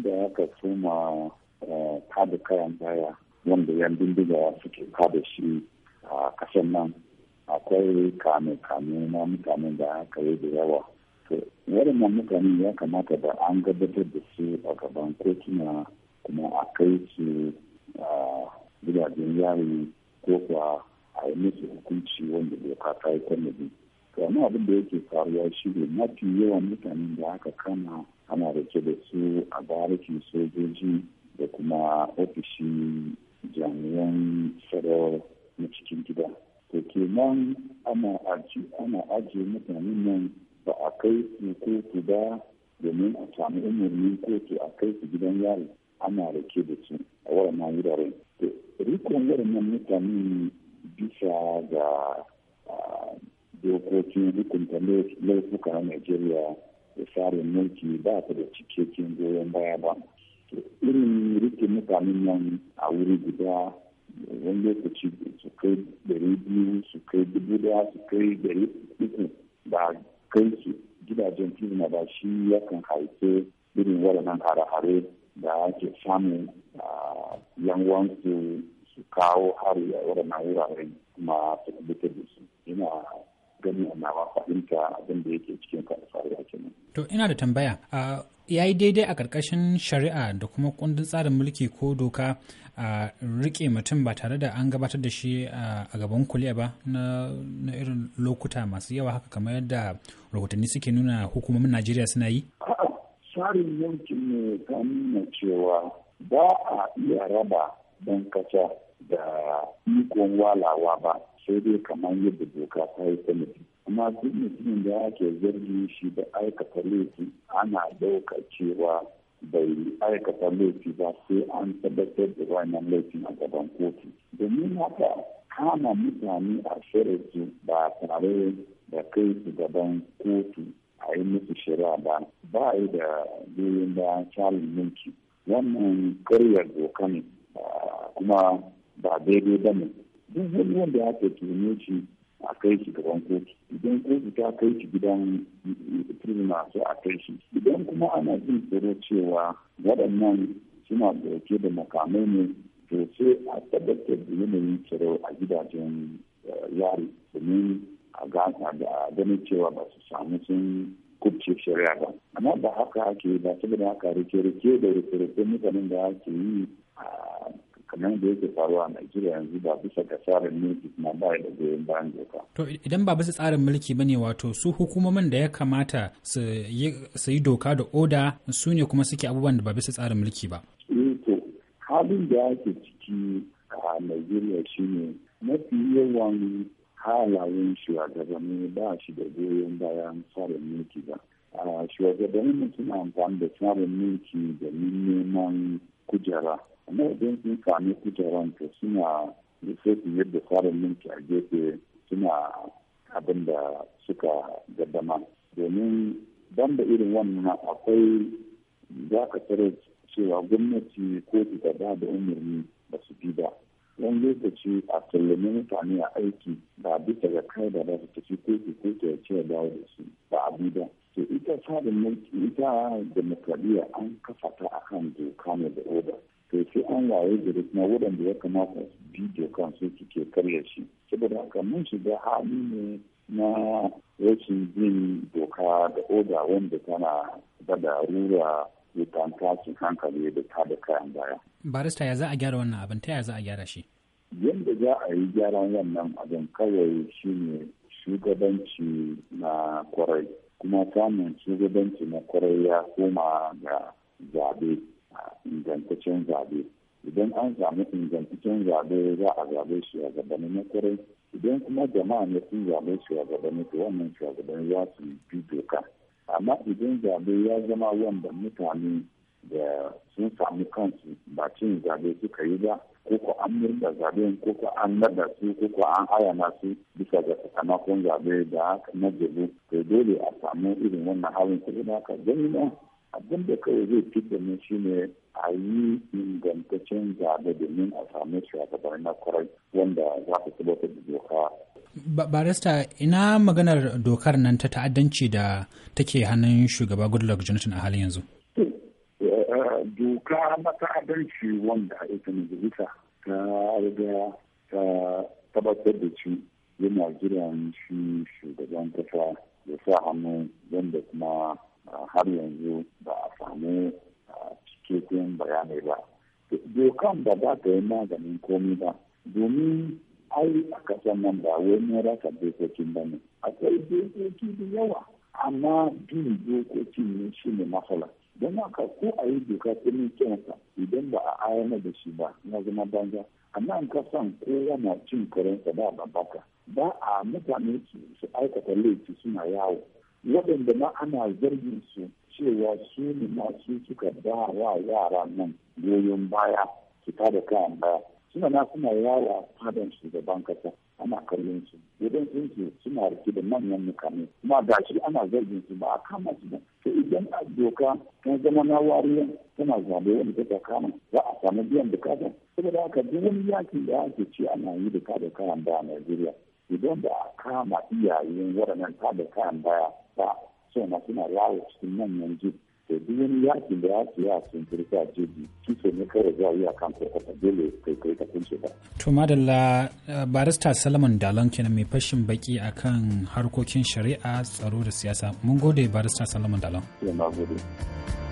tun da aka soma kada eh, kayan baya wanda yan bindiga suke kada shi a kasan nan akwai kame-kame na mutanen da aka yi da yawa to waɗannan mutanen ya kamata da an gabatar da su a gaban kotuna kuma a kai su a gidajen yari ko kuwa a yi musu hukunci wanda doka ta yi tanadi kama abin da yake faruwa shi ne mafi yawan mutanen da aka kama ana rike da su a barikin sojoji da kuma ofishin jami'an federal na cikin gida to kenan ana aji mutanen nan ba a kai su kotu ba domin a sami umarnin kotu a kai su gidan yari ana rike da su a waɗannan wuraren rikon wannan mutanen bisa ga ah, dokokin hukunta laifuka a Najeriya da tsarin mulki ba ta da cikakken goyon baya ba. Irin rike mutanen nan a wuri guda wani lokaci su kai dari biyu su kai dubu daya su kai dari uku ba kai su gidajen firma ba shi yakan haife irin waɗannan hare-hare da ake samu a yanwansu su kawo hari a waɗannan wuraren kuma su da su. Ina gani nawa fahimta abin da yake cikin kan kenan. To ina da tambaya ya yi daidai a ƙarƙashin shari'a da kuma kundin tsarin mulki ko doka a rike mutum ba tare da an gabatar da shi a gaban kuliya ba na irin lokuta masu yawa haka kamar yadda rahotanni suke nuna hukumomin najeriya suna yi? tsarin mulkin ne ta nuna cewa ba a iya raba don kasa da ikon walawa ba sai dai kamar yadda doka ta yi sanadi kuma duk mutumin da ake zargi shi da aikata laifi ana ɗauka cewa bai aikata laifi ba sai an tabbatar da wannan laifin a gaban kotu domin haka kama mutane a shirarsu ba tare da kai su gaban kotu a yi musu shari'a ba ba yi da goyon bayan shalin mulki wannan karyar doka ne kuma ba daidai ba ne duk wani wanda ya ke tuhume shi a kai shi gaban kotu idan kotu ta kai shi gidan eh, prisoner masu a kai shi idan kuma ana jin tsoro cewa waɗannan suna dauke da makamai ne to sai a tabbatar da yanayin tsaro a gidajen eh, yari domin a a gasa da ganin cewa ba su samu sun kubce shari'a ba amma ba haka ake ba saboda haka rike-rike da rike-rike mutanen da ake yi a ah, kamar da yake faruwa a Najeriya yanzu ba bisa ga tsarin mulki kuma ba da goyon bayan doka. To idan ba bisa tsarin mulki ne wato su hukumomin da ya kamata su yi doka da oda su ne kuma suke abubuwan da ba bisa tsarin mulki ba. Eh, to halin da ake ciki a Najeriya ne mafi yawan halayen shugabanni ba shi da goyon bayan tsarin mulki ba. Shugabanni mutum amfani da tsarin mulki domin neman kujera amma idan sun sami kujeran to suna da sai yadda tsarin minti a gefe suna abin da suka gaddama domin ban da irin wannan akwai za ka tare cewa gwamnati ko ta ba da umarni ba su bi ba wani lokaci a sallame mutane a aiki ba bisa ga kai da ba su tafi kotu ko ta ce dawo da su ba a bi ba to ita tsarin mulki ita demokradiyya an kafa ta akan doka ne da oda to sai an waye da kuma waɗanda ya kamata su bi dokan su suke karya shi saboda haka mun shiga hali ne na rashin bin doka da oda wanda tana da darura wutan tashin hankali da ta da kayan baya. barista ya za a gyara wannan abin ta ya za a gyara shi yadda za a yi gyaran wannan abin kawai shi ne shugabanci na kwarai kuma samun shugabanci na kwarai ya koma ga zabe ingantaccen zabe idan an samu ingantaccen zabe za a zabe shugabanni na kwarai idan kuma jama'a ne sun zabe to wannan za su bi doka amma idan zabe ya zama wanda mutane da sun samu kansu ba cin zabe suka yi ba ko ko an murda zaɓen ko ko an nada su ko ko an na su bisa ga sakamakon zaɓe da na jebu to dole a samu irin wannan halin kuɗi da gani jami'a abin da kawai zai fi da mu shine a yi ingantaccen zaɓe domin a samu shugaban na kwarai wanda za ka tabbatar da doka. barista ina maganar dokar nan ta ta'addanci da take hannun shugaba goodluck jonathan a halin yanzu. doka na adalci wanda ita majalisa ta riga ta tabbatar da shi yana jiran shi shugaban kasa ya sa hannu wanda kuma har yanzu ba a samu cikin bayanai ba dokan ba za ta yi maganin komi ba domin ai a kasan nan ba wai ne rasa dokokin ba ne akwai dokoki da yawa amma bin dokokin ne shi ne matsala don haka ko a yi doka kullum kyanta idan ba a ayyana da shi ba na zama banza amma in ka san kowa na cin karensa ba babbaka ba a mutane su aikata laifi suna yawo waɗanda ma ana zargin su cewa su ne masu suka ba wa yara nan goyon baya su da kayan baya suna na suna yawa fadan shugaban kasa ana kallon su idan sun suna rike da manyan mukami kuma shi ana zargin su ba a kama su ba idan a doka ta zama na wariya tana zabe wanda ta kama za a samu biyan bukata saboda haka duk wani yakin da ake ci ana yi da kada kayan baya a Najeriya idan ba a kama iyayen waɗannan kada kayan baya ba sai na suna yawo cikin manyan jiki da duk wani yaki da yaki ya sun turka jeji kiso ne kawai za a yi a kan kwakwata dole kai kai ka kunce ba. to madalla eh, barista salman dalon kenan mai fashin baki akan harkokin shari'a tsaro da siyasa mun gode barista salman dalon. na gode.